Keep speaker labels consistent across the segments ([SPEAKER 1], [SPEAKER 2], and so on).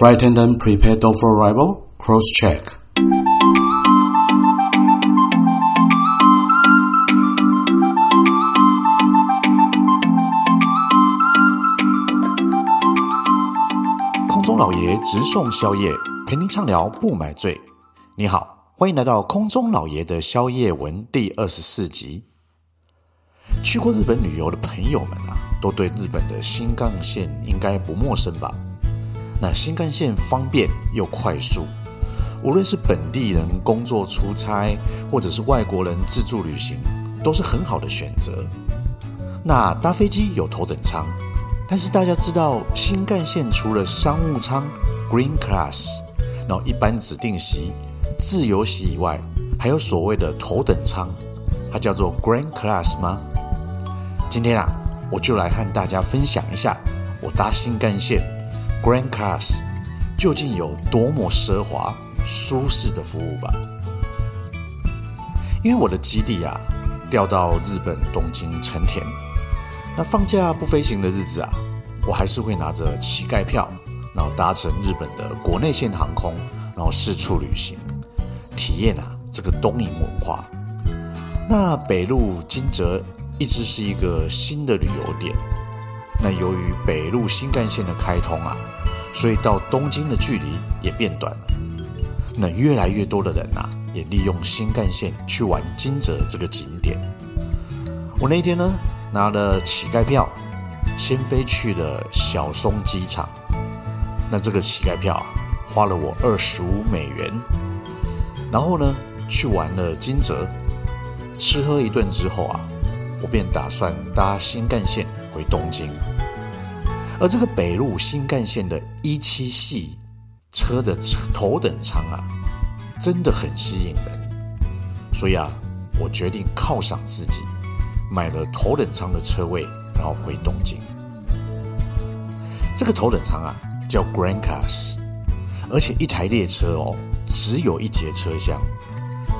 [SPEAKER 1] Flight attendants, prepare doors for arrival. Cross check. 空中老爺直送宵夜，陪您暢聊不買醉。你好，歡迎來到空中老爺的宵夜文第二十四集。去過日本旅遊的朋友們啊，都對日本的新幹線應該不陌生吧？那新幹線方便又快速，無論是本地人工作出差，或者是外國人自助旅行，都是很好的選擇。那搭飛機有頭等艙，但是大家知道新幹線除了商務艙 （Green Class） 然後一般指定席、自由席以外，還有所謂的頭等艙，它叫做 Gran Class 嗎？今天啊，我就來和大家分享一下我搭新幹線。GRAN CLASS 究竟有多麼奢華、舒適的服務吧。因為我的基地啊，調到日本東京成田。那放假不飛行的日子啊，我還是會拿着乞丐票，然後搭乘日本的國內線航空，然後四處旅行，體驗啊這個東瀛文化。那北陸金澤一直是一個新的旅遊點。那由於北陸新幹線的開通啊，所以到東京的距離也變短了。那越來越多的人吶、啊，也利用新幹線去玩金澤這個景點。我那天呢，拿了乞丐票，先飛去了小松機場。那這個乞丐票啊，花了我二十五美元。然後呢，去玩了金澤，吃喝一頓之後啊，我便打算搭新幹線回東京。而這個北陸新幹線的 E7 系車的車頭等艙啊，真的很吸引人，所以啊，我決定犒賞自己，買了頭等艙的車位，然後回東京。這個頭等艙啊叫 GRAN CLASS，而且一台列車哦，只有一節車廂，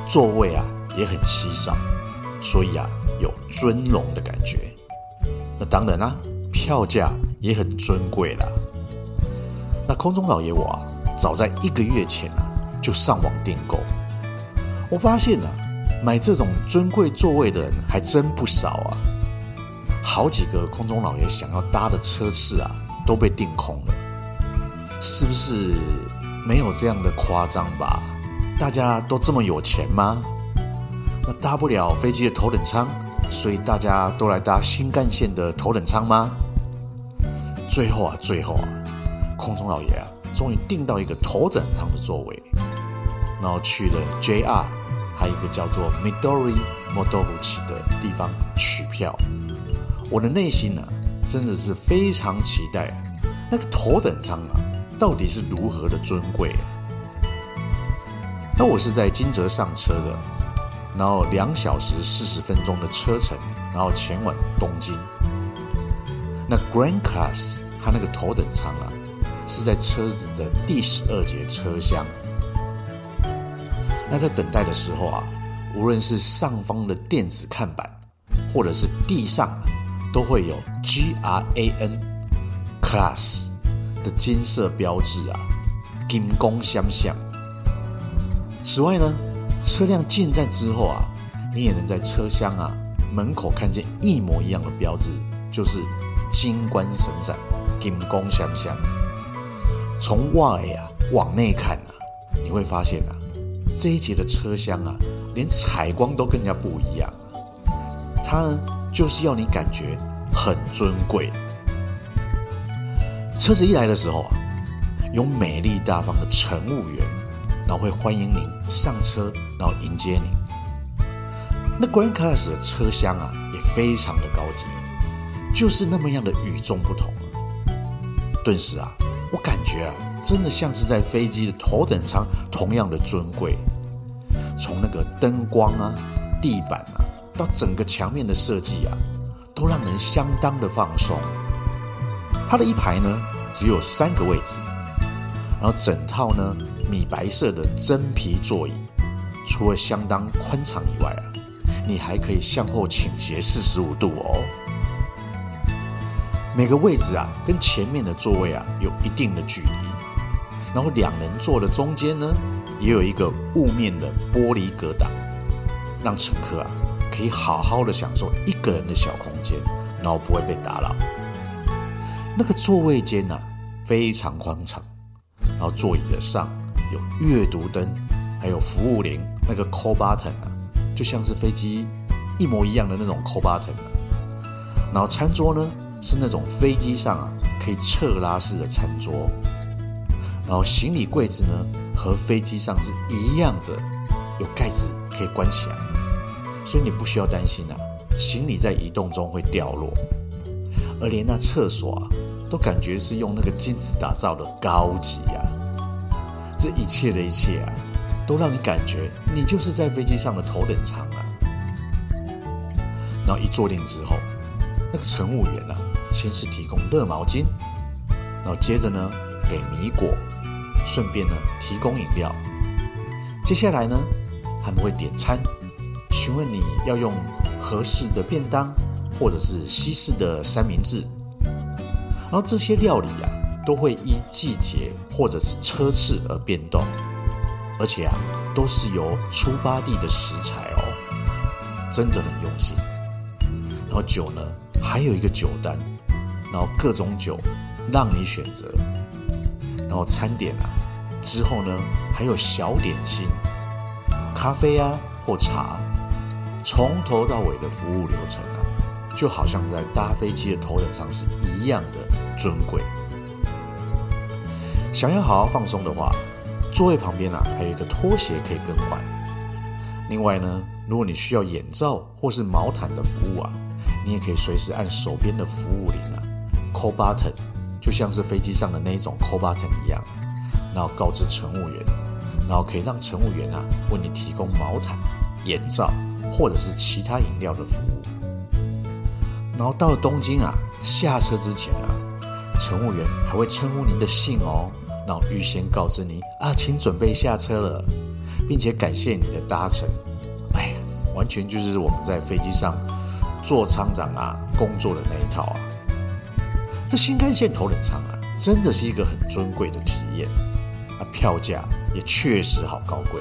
[SPEAKER 1] 座位啊也很稀少，所以啊有尊榮的感覺。那當然啦、啊，票價。也很尊貴了。那空中老爺我啊，早在一個月前啊就上網訂購。我發現啊，買這種尊貴座位的人還真不少啊。好幾個空中老爺想要搭的車次啊都被訂空了。是不是？沒有這樣的誇張吧？大家都這麼有錢嗎？那搭不了飛機的頭等艙，所以大家都來搭新幹線的頭等艙嗎？最後啊，最後啊，空中老爺啊，終於訂到一個頭等艙的座位，然後去了 JR，還有一個叫做 Midori Madoguchi 的地方取票。我的內心呢、啊，真的是非常期待、啊、那個頭等艙啊，到底是如何的尊貴。啊。那我是在金澤上車的，然後兩小時四十分鐘的車程，然後前往東京。那 GRAN CLASS 它那個頭等艙啊，是在車子的第十二節車廂。那在等待的時候啊，無論是上方的電子看板，或者是地上啊，都會有 GRAN CLASS 的金色標誌啊，金光閃閃。此外呢，車輛進站之後啊，你也能在車廂啊門口看見一模一樣的標誌，就是。金光閃閃，金光閃閃。從外啊往內看啊，你會發現啊，這一節的車廂啊，連採光都跟人家不一樣。它呢就是要你感覺很尊貴。車子一來的時候啊，有美麗大方的乘務員，然後會歡迎你上車，然後迎接你。那 Gran Class 的車廂啊，也非常的。就是那麼樣的與眾不同。頓時啊，我感覺啊，真的像是在飛機的頭等艙，同樣的尊貴。從那個燈光啊、地板啊，到整個牆面的設計啊，都讓人相當的放鬆。它的一排呢，只有三個位置，然後整套呢，米白色的真皮座椅，除了相當寬敞以外啊，你還可以向後傾斜四十五度哦。每個位置啊，跟前面的座位啊，有一定的距離。然後兩人坐的中間呢，也有一個霧面的玻璃隔擋，讓乘客啊可以好好的享受一個人的小空間，然後不會被打擾。那個座位間呢、啊，非常寬敞。然後座椅的上有閱讀燈，還有服務鈴。那個 call button 啊，就像是飛機一模一樣的那種 call button 啊。然後餐桌呢？是那種飛機上啊，可以側拉式的餐桌，然後行李櫃子呢，和飛機上是一樣的，有蓋子可以關起來，所以你不需要擔心啊，行李在移動中會掉落。而連那廁所啊，都感覺是用那個金子打造的，高級呀！這一切的一切啊，都讓你感覺你就是在飛機上的頭等艙啊。然後一坐定之後，那個乘務員啊。先是提供熱毛巾，然後接着呢給米果，順便呢提供飲料。接下來呢他們會點餐，詢問你要用和式的便當或者是西式的三明治。然後這些料理啊都會依季節或者是車次而變動，而且啊都是由出發地的食材哦，真的很用心。然後酒呢還有一個酒單。然後各種酒讓你選擇，然後餐點啊，之後呢還有小點心、咖啡啊或茶，從頭到尾的服務流程啊，就好像在搭飛機的頭等艙是一樣的尊貴。想要好好放鬆的話，座位旁邊啊還有一個拖鞋可以更換。另外呢，如果你需要眼罩或是毛毯的服務啊，你也可以隨時按手邊的服務鈴啊。Call button 就像是飛機上的那一種 call button 一樣，然後告知乘務員，然後可以讓乘務員啊為你提供毛毯、眼罩或者是其他飲料的服務。然後到了東京啊，下車之前啊，乘務員還會稱呼您的姓哦，然後預先告知你啊，請準備下車了，並且感謝你的搭乘。哎，完全就是我們在飛機上座艙長啊工作的那一套啊。這新幹線頭等艙啊，真的是一個很尊貴的體驗，啊，票價也確實好高貴。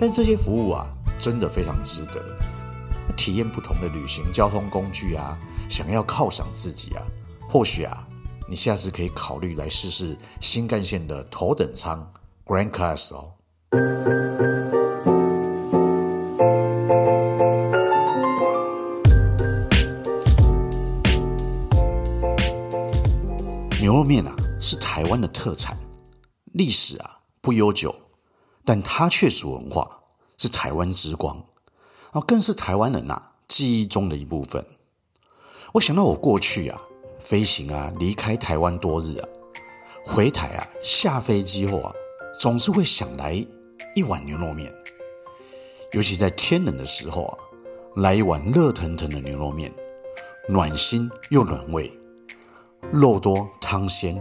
[SPEAKER 1] 但這些服務啊，真的非常值得。啊、體驗不同的旅行交通工具啊，想要犒賞自己啊，或許啊，你下次可以考慮來試試新幹線的頭等艙 GRAN CLASS 哦。麵啊是台灣的特產，歷史啊不悠久，但它卻屬文化是台灣之光啊，更是台灣人啊記憶中的一部分。我想到我過去啊飛行啊離開台灣多日啊，回台啊下飛機後啊，總是會想來一碗牛肉麵，尤其在天冷的時候啊，來一碗熱騰騰的牛肉麵，暖心又暖胃。肉多湯鮮，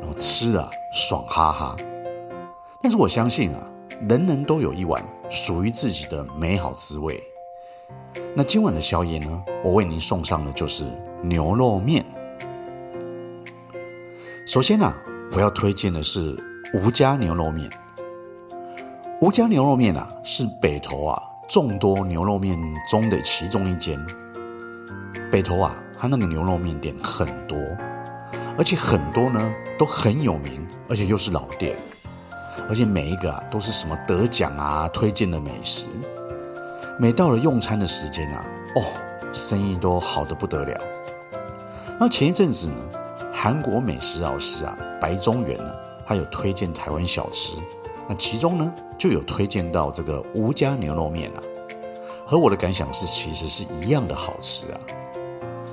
[SPEAKER 1] 然後吃的、啊、爽哈哈。但是我相信啊，人人都有一碗屬於自己的美好滋味。那今晚的宵夜呢，我為您送上的就是牛肉麵。首先啊，我要推薦的是吳家牛肉麵。吳家牛肉麵啊，是北投啊眾多牛肉麵中的其中一間。北投啊，它那個牛肉麵店很多。而且很多呢都很有名，而且又是老店，而且每一個啊都是什麼得獎啊、推薦的美食。每到了用餐的時間啊，哦，生意都好得不得了。那前一陣子呢，韓國美食老師啊白種元呢，他有推薦台灣小吃，那其中呢就有推薦到這個吳家牛肉麵啊，和我的感想是其實是一樣的好吃啊。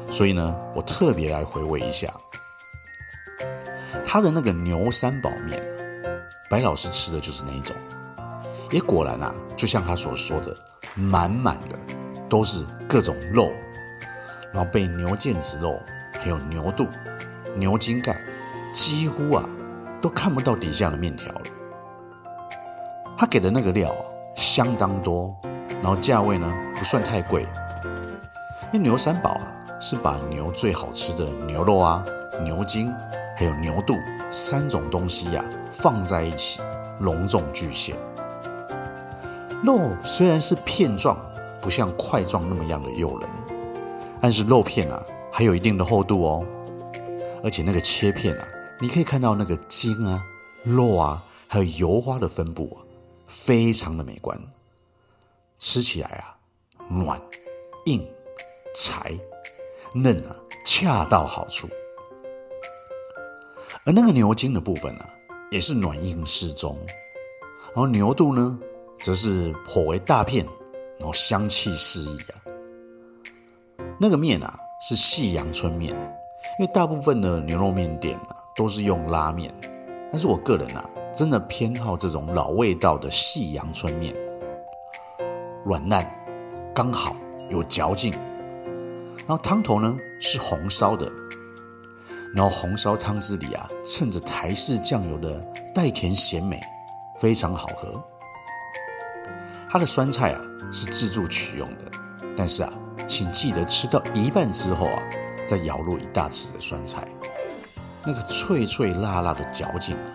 [SPEAKER 1] 所以呢，我特別來回味一下。他的那個牛三寶麵啊，白老師吃的就是那一種，也果然啊，就像他所說的，滿滿的都是各種肉，然後被牛腱子肉、還有牛肚、牛筋蓋，幾乎啊都看不到底下的麵條了。他給的那個料啊，相當多，然後價位呢不算太貴，因為牛三寶啊是把牛最好吃的牛肉啊、牛筋，還有牛肚三種東西呀、啊，放在一起隆重巨獻。肉雖然是片狀，不像塊狀那麼樣的誘人，但是肉片啊還有一定的厚度哦。而且那個切片啊，你可以看到那個筋啊、肉啊，還有油花的分布啊，非常的美觀。吃起來啊，軟、硬、柴、嫩啊，恰到好處。而那個牛筋的部分呢、啊，也是軟硬適中，然後牛肚呢，則是頗為大片，然後香氣四溢啊。那個麵啊，是細陽春麵，因為大部分的牛肉麵店啊，都是用拉麵，但是我個人啊，真的偏好這種老味道的細陽春麵，軟爛剛好有嚼勁，然後湯頭呢是紅燒的。然後紅燒湯汁裡啊，襯着台式醬油的帶甜鹹美，非常好喝。它的酸菜啊，是自助取用的，但是啊，請記得吃到一半之後啊，再舀入一大匙的酸菜。那個脆脆辣辣的嚼勁啊，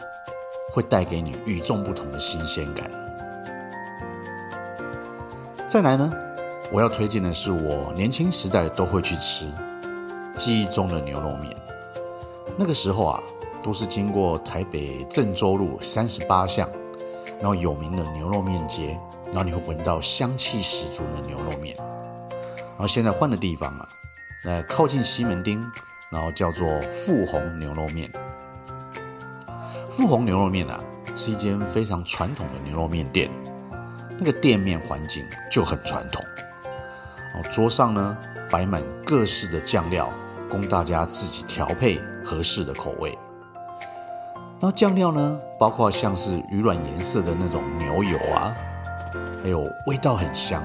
[SPEAKER 1] 會帶給你與眾不同的新鮮感。再來呢，我要推薦的是我年輕時代都會去吃，記憶中的牛肉麵。那個時候啊，都是經過台北鄭州路三十八巷，然後有名的牛肉面街，然後你會聞到香氣十足的牛肉麵。然後現在換個地方啊，來靠近西門町，然後叫做富宏牛肉麵。富宏牛肉麵啊，是一間非常傳統的牛肉麵店，那個店面環境就很傳統，然後桌上呢擺滿各式的醬料。供大家自己調配合適的口味。那醬料呢，包括像是魚卵顏色的那種牛油啊，還有味道很香，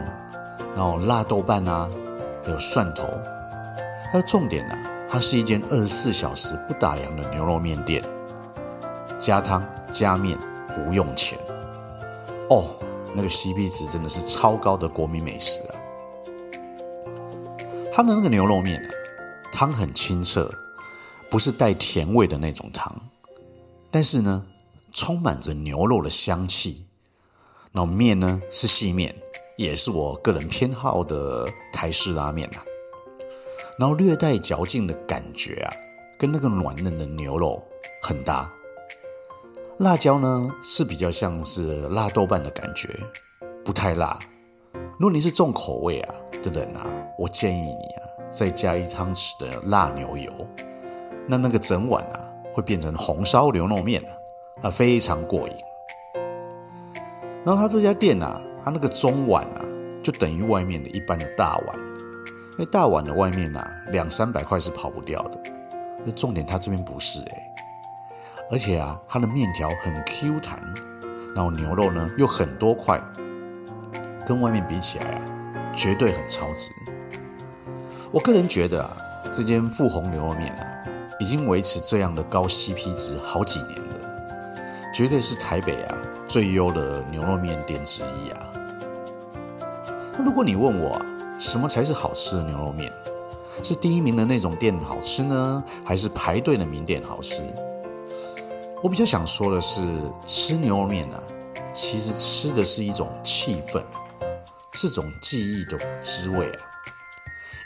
[SPEAKER 1] 然後辣豆瓣啊，還有蒜頭。它的重點呢，啊，它是一間二十四小時不打烊的牛肉麵店，加湯加麵不用錢哦。那個 CP 值真的是超高的國民美食啊！它的那個牛肉麵呢，湯很清澈，不是帶甜味的那種湯，但是呢，充滿着牛肉的香氣。然後麵呢，是細麵，也是我個人偏好的台式拉麵吶啊。然後略帶嚼勁的感覺啊，跟那個軟嫩的牛肉很搭。辣椒呢，是比較像是辣豆瓣的感覺，不太辣。如果你是重口味啊的人啊，我建議你啊。再加一湯匙的辣牛油，那那個整碗啊，會變成紅燒牛肉麵啊，啊，非常過癮。然後他這家店啊，他那個中碗啊，就等於外面的一般的大碗，因為大碗的外面啊，兩三百塊是跑不掉的。那重點他這邊不是誒、欸、而且啊，他的麵條很 Q 彈，然後牛肉呢又很多塊，跟外面比起來啊，絕對很超值。我個人覺得啊，這間富宏牛肉麵啊，已經維持這樣的高 CP 值好幾年了，絕對是台北啊最優的牛肉麵店之一啊。那如果你問我啊，什麼才是好吃的牛肉麵？是第一名的那種店好吃呢，還是排隊的名店好吃？我比較想說的是，吃牛肉麵啊，其實吃的是一種氣氛，是種記憶的滋味啊。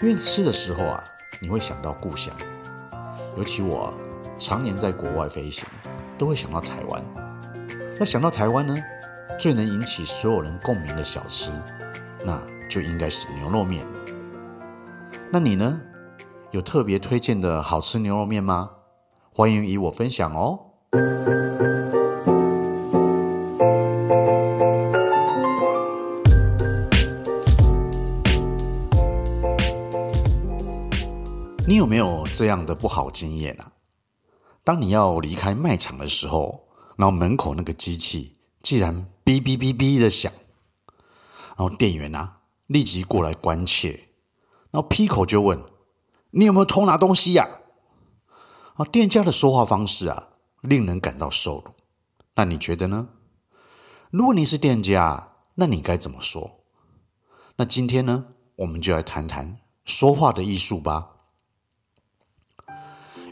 [SPEAKER 1] 因為吃的時候啊，你會想到故鄉。尤其我啊，常年在國外飛行，都會想到台灣。那想到台灣呢，最能引起所有人共鳴的小吃，那就應該是牛肉麵。那你呢？有特別推薦的好吃牛肉麵嗎？歡迎與我分享哦！你有沒有這樣的不好經驗啊？當你要離開賣場的時候，然後門口那個機器竟然嗶嗶嗶嗶的響，然後店員呢、啊、立即過來關切，然後劈口就問：“你有沒有偷拿東西呀？”啊，然後店家的說話方式啊，令人感到受辱。那你覺得呢？如果你是店家，那你該怎麼說？那今天呢，我們就來談談說話的藝術吧。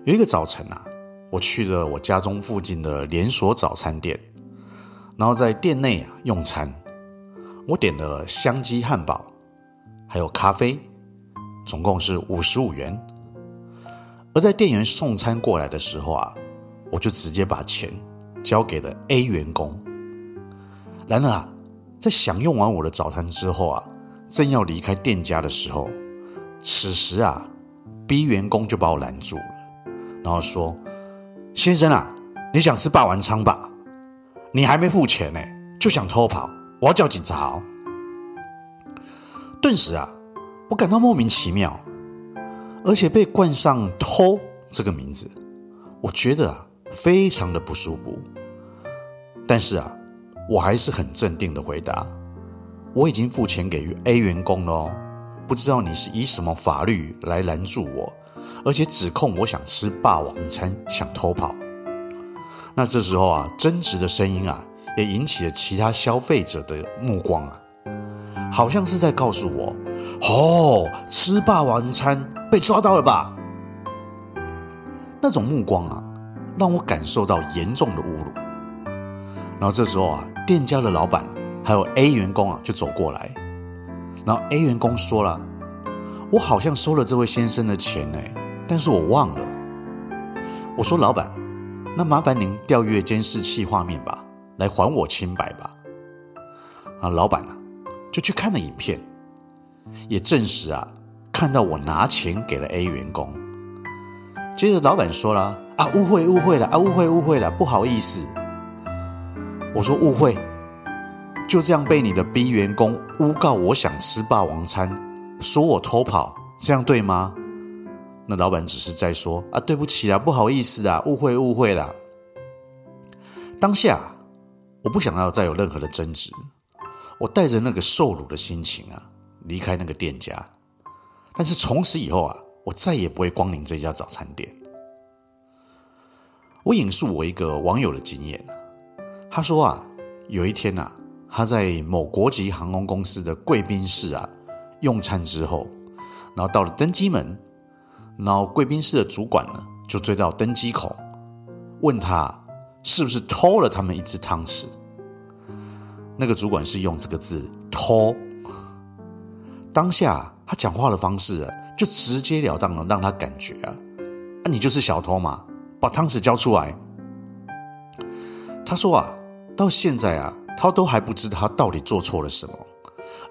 [SPEAKER 1] 有一個早晨啊，我去了我家中附近的連鎖早餐店，然後在店內啊用餐，我點了香雞漢堡，還有咖啡，總共是五十五元。而在店員送餐過來的時候啊，我就直接把錢交給了 A 員工。然而啊，在享用完我的早餐之後啊，正要離開店家的時候，此時啊，B 員工就把我攔住了。然後說：“先生啊，你想吃霸王餐吧？你還沒付錢呢、欸，就想偷跑？我要叫警察好！”頓時啊，我感到莫名其妙，而且被冠上“偷”這個名字，我覺得啊，非常的不舒服。但是啊，我還是很鎮定的回答：“我已經付錢給 A 員工了、哦，不知道你是以什麼法律來攔住我？”而且指控我想吃霸王餐，想偷跑。那這時候啊，爭執的聲音啊，也引起了其他消費者的目光啊，好像是在告訴我，哦，吃霸王餐被抓到了吧？那種目光啊，讓我感受到嚴重的侮辱。然後這時候啊，店家的老板還有 A 員工啊，就走過來。然後 A 員工說了啊，我好像收了這位先生的錢呢欸。但是我忘了，我說老板，那麻煩您調閱監視器畫面吧，來還我清白吧。啊，老板啊，就去看了影片，也證實啊，看到我拿錢給了 A 員工。接着老板說了啊，誤會誤會了啊，誤會誤會了，不好意思。我說誤會，就這樣被你的 B 員工誣告，我想吃霸王餐，說我偷跑，這樣對嗎？那老闆只是在說啊，對不起啊，不好意思啊，誤會誤會啦。當下我不想要再有任何的爭執，我帶着那個受辱的心情啊，離開那個店家。但是從此以後啊，我再也不會光臨這家早餐店。我引述我一個網友的經驗，他說啊，有一天吶、啊，他在某國際航空公司的貴賓室啊用餐之後，然後到了登機門。然後貴賓室的主管呢，就追到登機口，問他是不是偷了他們一隻湯匙。那個主管是用這個字“偷”，當下他講話的方式啊，就直截了當的讓他感覺啊，那、啊、你就是小偷嘛，把湯匙交出來。他說啊，到現在啊，他都還不知道他到底做錯了什麼。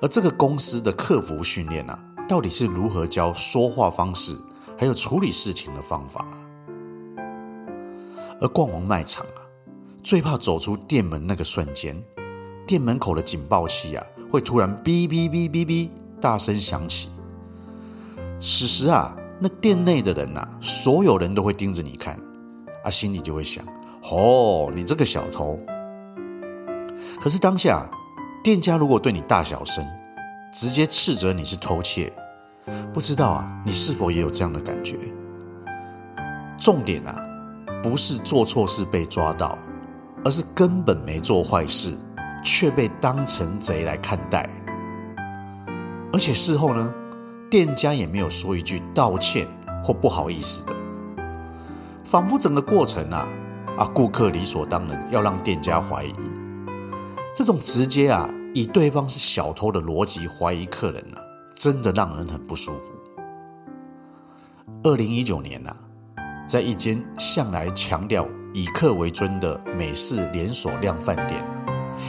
[SPEAKER 1] 而這個公司的客服訓練啊，到底是如何教說話方式？還有處理事情的方法，而逛完賣場啊，最怕走出店門那個瞬間，店門口的警報器啊會突然嗶嗶嗶嗶嗶大聲響起。此時啊，那店內的人吶、啊，所有人都會盯着你看，啊，心裡就會想：哦，你這個小偷。可是當下，店家如果對你大小聲，直接斥責你是偷竊。不知道啊，你是否也有這樣的感覺？重點啊，不是做錯事被抓到，而是根本沒做壞事，卻被當成賊來看待。而且事後呢，店家也沒有說一句道歉或不好意思的，仿佛整個過程啊，啊，顧客理所當然要讓店家懷疑。這種直接啊，以對方是小偷的邏輯懷疑客人呢，啊。真的讓人很不舒服。二零一九年吶、啊，在一間向來強調以客為尊的美式連鎖量販店，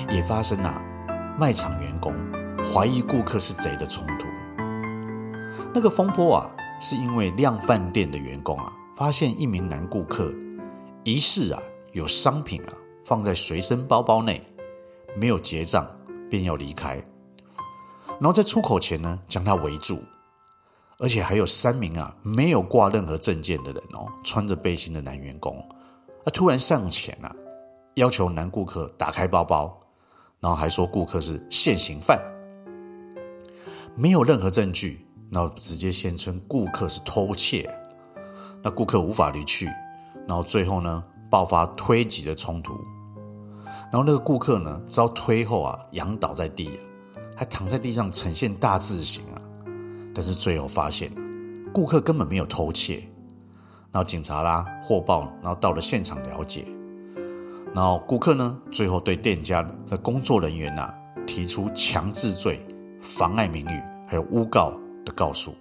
[SPEAKER 1] 也發生了、啊、賣場員工懷疑顧客是賊的衝突。那個風波啊，是因為量販店的員工啊，發現一名男顧客疑似啊有商品啊放在隨身包包內，沒有結賬便要離開。然後在出口前呢，將他圍住，而且還有三名啊沒有掛任何證件的人哦，穿着背心的男員工，啊突然上前啊，要求男顧客打開包包，然後還說顧客是現行犯，沒有任何證據，然後直接宣稱顧客是偷竊，那顧客無法離去，然後最後呢，爆發推擠的衝突，然後那個顧客呢，遭推後啊仰倒在地。躺在地上呈現大字形啊，但是最後發現，顧客根本沒有偷竊。然後警察啦、啊，獲報，然後到了現場了解，然後顧客呢，最後對店家的工作人員吶、啊，提出強制罪、妨礙名譽還有誣告的告訴。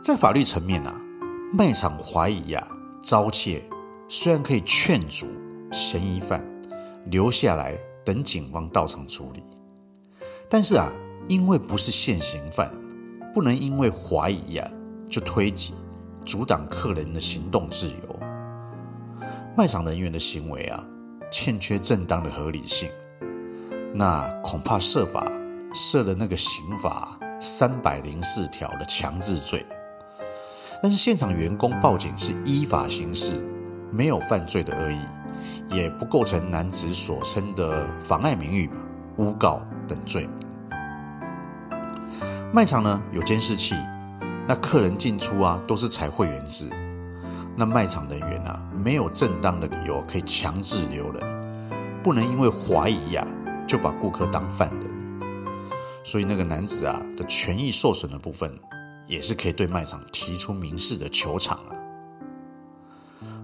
[SPEAKER 1] 在法律層面吶、啊，賣場懷疑呀、啊，遭竊，雖然可以勸阻嫌疑犯留下來。等警方到場處理，但是啊，因為不是現行犯，不能因為懷疑啊就推擠、阻擋客人的行動自由。賣場人員的行為啊，欠缺正當的合理性，那恐怕設法設了那個刑法三百零四條的強制罪。但是現場員工報警是依法行事，沒有犯罪的惡意。也不構成男子所稱的妨礙名譽、誣告等罪名。賣場呢，有監視器，那客人進出啊都是採會員制，那賣場人員啊沒有正當的理由可以強制留人，不能因為懷疑啊就把顧客當犯人。所以那個男子啊的權益受損的部分，也是可以對賣場提出民事的求償啊。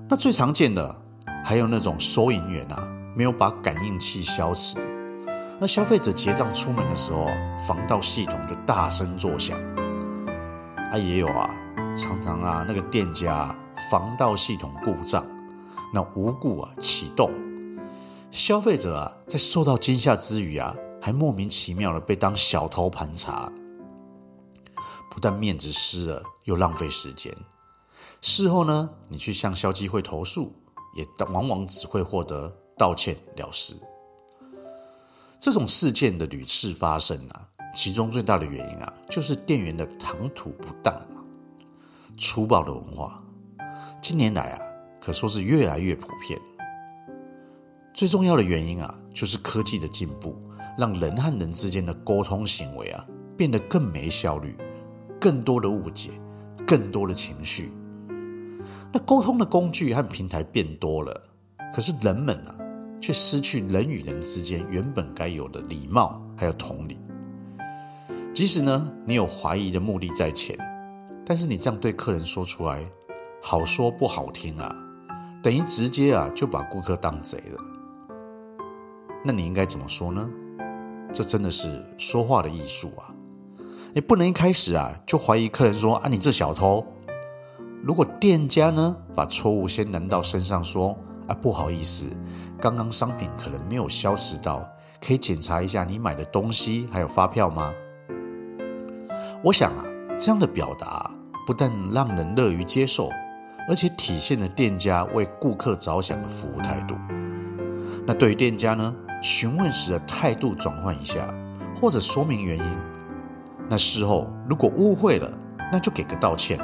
[SPEAKER 1] 那最常見的。還有那種收銀員啊，沒有把感應器消磁，那消費者結賬出門的時候，防盜系統就大聲作響。啊，也有啊，常常啊，那個店家啊，防盜系統故障，那無故啊啟動，消費者啊在受到驚嚇之餘啊，還莫名其妙的被當小偷盤查，不但面子失了，又浪費時間。事後呢，你去向消基會投訴。也往往只會獲得道歉了事。這種事件的屢次發生啊，其中最大的原因啊，就是店員的談吐不當啊，粗暴的文化。近年來啊，可說是越來越普遍。最重要的原因啊，就是科技的進步，讓人和人之間的溝通行為啊，變得更沒效率，更多的誤解，更多的情緒。那溝通的工具和平台變多了，可是人們啊，卻失去人與人之間原本該有的禮貌，還有同理。即使呢，你有懷疑的目的在前，但是你這樣對客人說出來，好說不好聽啊，等於直接啊就把顧客當賊了。那你應該怎麼說呢？這真的是說話的藝術啊！你不能一開始啊就懷疑客人說啊你這小偷。如果店家呢，把錯誤先擔到身上說，說啊，不好意思，剛剛商品可能沒有消失到，可以檢查一下你買的東西還有發票嗎？我想啊，這樣的表達啊，不但讓人樂於接受，而且體現了店家為顧客着想的服務態度。那對於店家呢，詢問時的態度轉換一下，或者說明原因。那事後如果誤會了，那就給個道歉。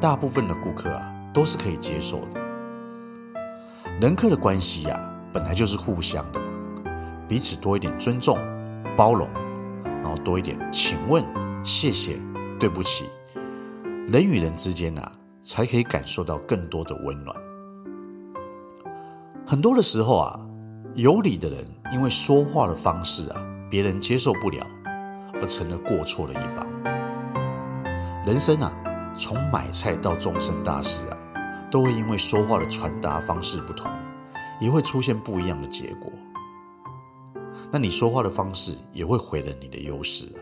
[SPEAKER 1] 大部分的顧客啊，都是可以接受的。人客的關係呀，本來就是互相的，彼此多一點尊重、包容，然後多一點請問、謝謝、對不起，人與人之間啊，才可以感受到更多的溫暖。很多的時候啊，有理的人因為說話的方式啊，別人接受不了，而成了過錯的一方。人生啊。從買菜到終身大事啊，都會因為說話的傳達方式不同，也會出現不一樣的結果。那你說話的方式也會毀了你的優勢啊。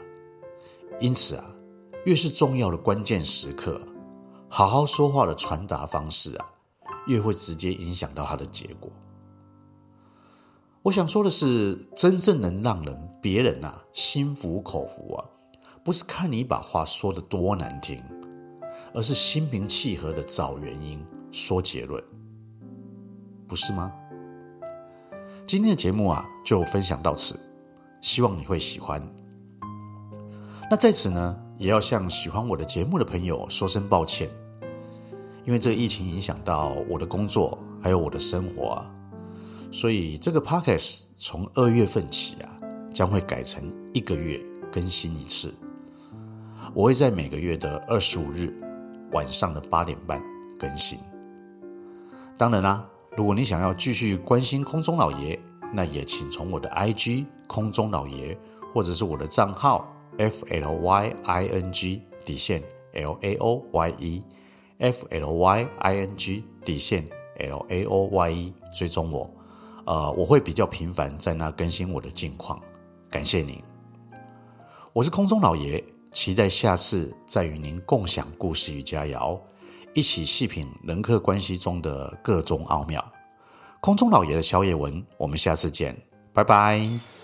[SPEAKER 1] 因此啊，越是重要的關鍵時刻，好好說話的傳達方式啊，越會直接影響到它的結果。我想說的是，真正能讓人，別人啊心服口服啊，不是看你把話說得多難聽。而是心平氣和的找原因，說結論，不是嗎？今天的節目啊，就分享到此，希望你會喜歡。那在此呢，也要向喜歡我的節目的朋友說聲抱歉，因為這個疫情影響到我的工作，還有我的生活啊，所以這個 podcast 從二月份起啊，將會改成一個月更新一次。我會在每個月的二十五日。晚上的八點半更新。當然啦、啊，如果你想要繼續關心空中老爺，那也請從我的 I G 空中老爺，或者是我的賬號 F L Y I N G 底線 L A O Y E F L Y I N G 底線 L A O Y E 追蹤我。呃，我會比較頻繁在那更新我的近況。感謝您，我是空中老爺。期待下次再與您共享故事與佳餚，一起細品人客關係中的各種奧妙。空中老爺 de 宵夜文，我們下次見，拜拜。